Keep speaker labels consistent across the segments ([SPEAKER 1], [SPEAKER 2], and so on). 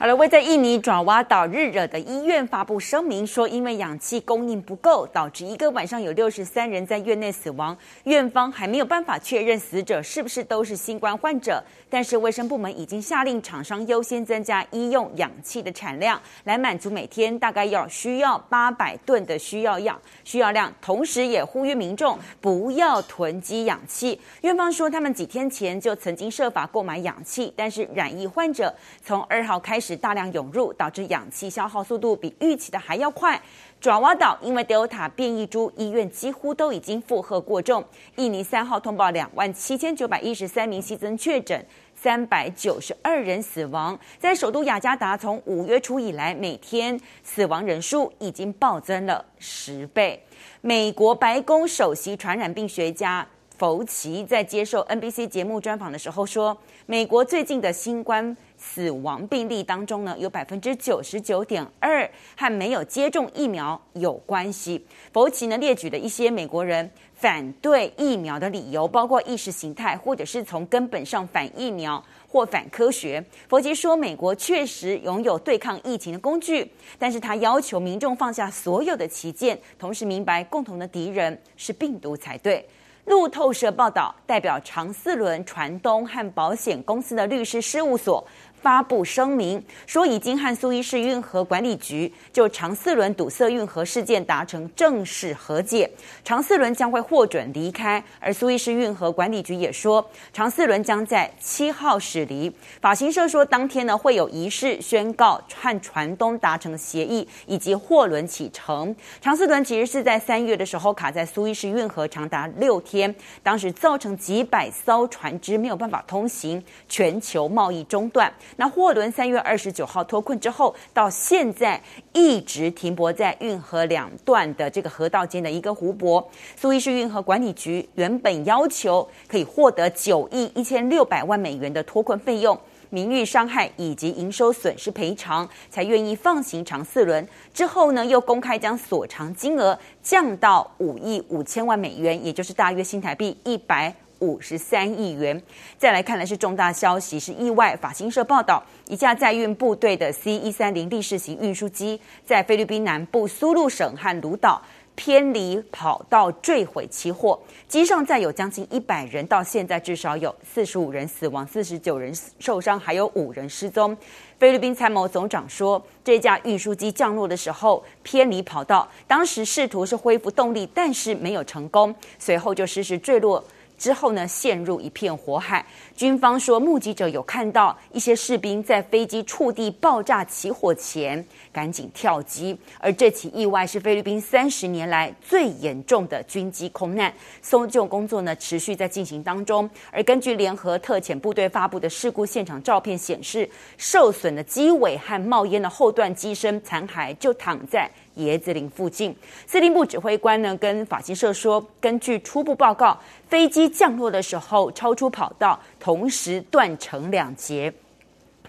[SPEAKER 1] 好了，為在印尼爪哇島日惹的醫院發布聲明說，因為氧氣供應不夠，導致一個晚上有六十三人在院內死亡。院方還沒有辦法確認死者是不是都是新冠患者，但是衛生部門已經下令廠商優先增加醫用氧氣的產量，來滿足每天大概要需要八百噸的需要氧需要量。同時也呼籲民眾不要囤積氧氣。院方說，他們幾天前就曾經設法購買氧氣，但是染疫患者從二號開始大量湧入，導致氧氣消耗速度比預期的還要快。爪哇島因為德爾塔變異株，醫院幾乎都已經負荷過重。印尼三號通報兩萬七千九百一十三名新增確診，三百九十二人死亡。在首都雅加達，從五月初以來，每天死亡人數已經暴增了十倍。美國白宮首席傳染病學家。佛奇在接受 NBC 節目專訪的時候說，美國最近的新冠死亡病例當中呢，有百分之九十九點二和沒有接種疫苗有關係。佛奇呢列舉了一些美國人反對疫苗的理由，包括意識形態或者是從根本上反疫苗或反科學。佛奇說，美國確實擁有對抗疫情的工具，但是他要求民眾放下所有的歧見，同時明白共同的敵人是病毒才對。路透社報道，代表長賜輪船東和保險公司的律師事務所發布聲明，說已經和蘇伊士運河管理局就長賜輪堵塞運河事件達成正式和解，長賜輪將會獲准離開。而蘇伊士運河管理局也說，長賜輪將在七號駛離。法新社說，當天呢會有儀式宣告和船東達成協議以及貨輪啟程。長賜輪其實是在三月的時候卡在蘇伊士運河長達六天。當時造成幾百艘船隻沒有辦法通行，全球貿易中斷。那貨輪三月二十九號脫困之後，到現在一直停泊在運河兩段的這個河道間的一個湖泊。蘇伊士運河管理局原本要求可以獲得九億一千六百萬美元的脫困費用。名譽傷害以及營收損失賠償，才願意放行長賜輪。之後呢，又公開將索償金額降到五億五千萬美元，也就是大約新台幣一百五十三億元。再來看的是重大消息，是意外。法新社報道，一架載運部隊的 C 一三零力士型運輸機，在菲律賓南部蘇祿省和魯島，偏離跑道墜毀起火，機上載有將近一百人，到現在至少有四十五人死亡，四十九人受傷，還有五人失蹤。菲律賓參謀總長說，這架運輸機降落的時候偏離跑道，當時試圖是恢復動力，但是沒有成功，隨後就失事墜落。之後呢，陷入一片火海。軍方說，目擊者有看到一些士兵在飛機觸地爆炸起火前趕緊跳機。而這起意外是菲律賓三十年來最嚴重的軍機空難。搜救工作呢，持續在進行當中。而根據聯合特遣部隊發布的事故現場照片顯示，受損的機尾和冒煙的後段機身殘骸就躺在。椰子林附近，司令部指揮官呢，跟法新社說，根據初步報告，飛機降落的時候超出跑道，同時斷成兩截。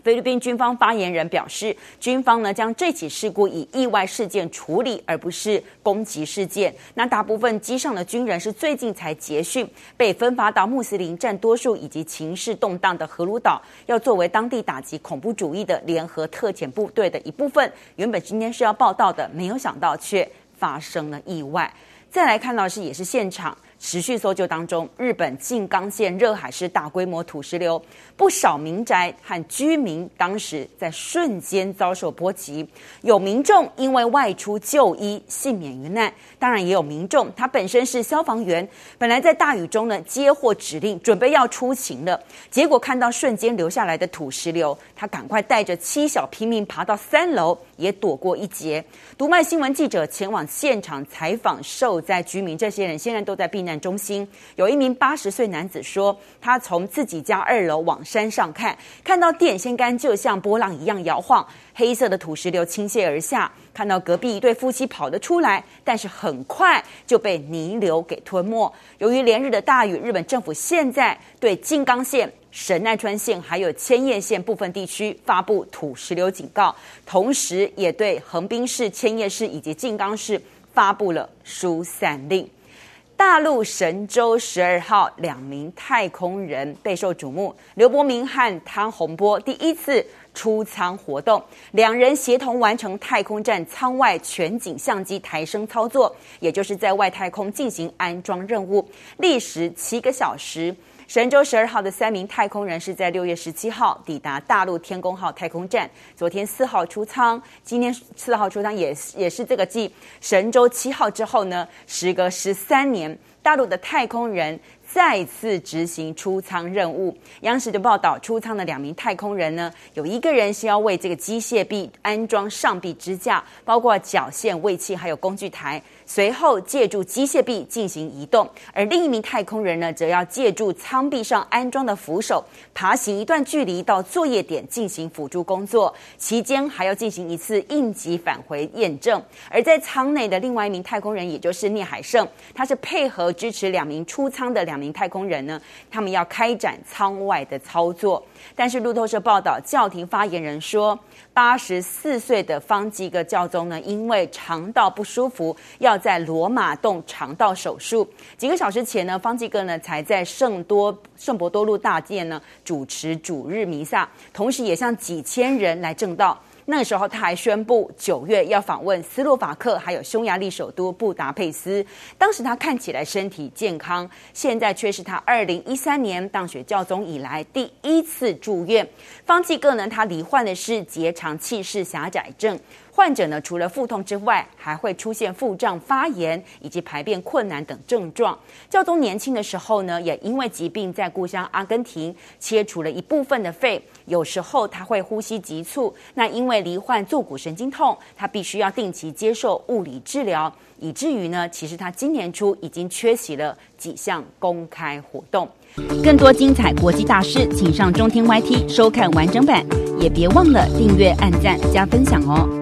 [SPEAKER 1] 菲律賓軍方發言人表示，軍方呢將這起事故以意外事件處理，而不是攻擊事件。那大部分機上的軍人是最近才結訓，被分發到穆斯林占多數以及情勢動盪的和魯島，要作為當地打擊恐怖主義的聯合特遣部隊的一部分。原本今天是要報道的，沒有想到卻發生了意外。再來看到是也是現場。持續搜救當中，日本靜岡縣熱海市大規模土石流，不少民宅和居民當時在瞬間遭受波及，有民眾因為外出就醫幸免於難，當然也有民眾，他本身是消防員，本來在大雨中呢接獲指令，準備要出勤了，結果看到瞬間留下來的土石流，他趕快帶着妻小拼命爬到三樓，也躲過一劫。讀賣新聞記者前往現場採訪受災居民，這些人現在都在避難。中心有一名八十歲男子說：“他從自己家二樓往山上看，看到電線桿就像波浪一樣搖晃，黑色的土石流傾瀉而下。看到隔壁一對夫妻跑了出來，但是很快就被泥流給吞沒。由於連日的大雨，日本政府現在對靜岡縣、神奈川縣還有千葉縣部分地區發布土石流警告，同時也對橫濱市、千葉市以及靜岡市發布了疏散令。”大陸神舟十二號兩名太空人備受矚目，劉伯明和湯洪波第一次出艙活動，兩人協同完成太空站艙外全景相機抬升操作，也就是在外太空進行安裝任務，歷時七個小時。神舟十二號的三名太空人是在六月十七號抵達大陸天宮號太空站，昨天四號出艙，今天四號出艙也是也是這個繼神舟七號之後呢，時隔十三年，大陸的太空人，再次執行出艙任務。央視的報道出艙的兩名太空人呢，有一個人是要為這個機械臂安裝上臂支架，包括腳限位器，還有工具台。隨後借助機械臂進行移動，而另一名太空人呢，則要借助艙壁上安裝的扶手爬行一段距離到作業點進行輔助工作。期間還要進行一次應急返回驗證。而在艙內的另外一名太空人，也就是聶海勝，他是配合支持兩名出艙的兩。名太空人呢，他們要開展艙外的操作，但是路透社報道，教廷發言人說，八十四歲的方濟各教宗呢，因為腸道不舒服，要在羅馬動腸道手術。幾個小時前呢，方濟各呢才在聖多聖伯多祿大殿呢主持主日彌撒，同時也向幾千人來證道。那時候，他還宣布九月要訪問斯洛伐克，還有匈牙利首都布達佩斯。當時他看起來身體健康，現在卻是他二零一三年當選教宗以來第一次住院。方濟各呢，他罹患的是結腸憩室狹窄症。患者呢，除了腹痛之外，還會出現腹脹、發炎以及排便困難等症狀。教宗年輕的時候呢，也因為疾病在故鄉阿根廷切除了一部分的肺。有時候他會呼吸急促，那因為罹患坐骨神經痛，他必須要定期接受物理治療，以至於呢，其實他今年初已經缺席了幾項公開活動。更多精彩國際大事，請上中天 YT 收看完整版，也別忘了訂閱、按讚、加分享哦。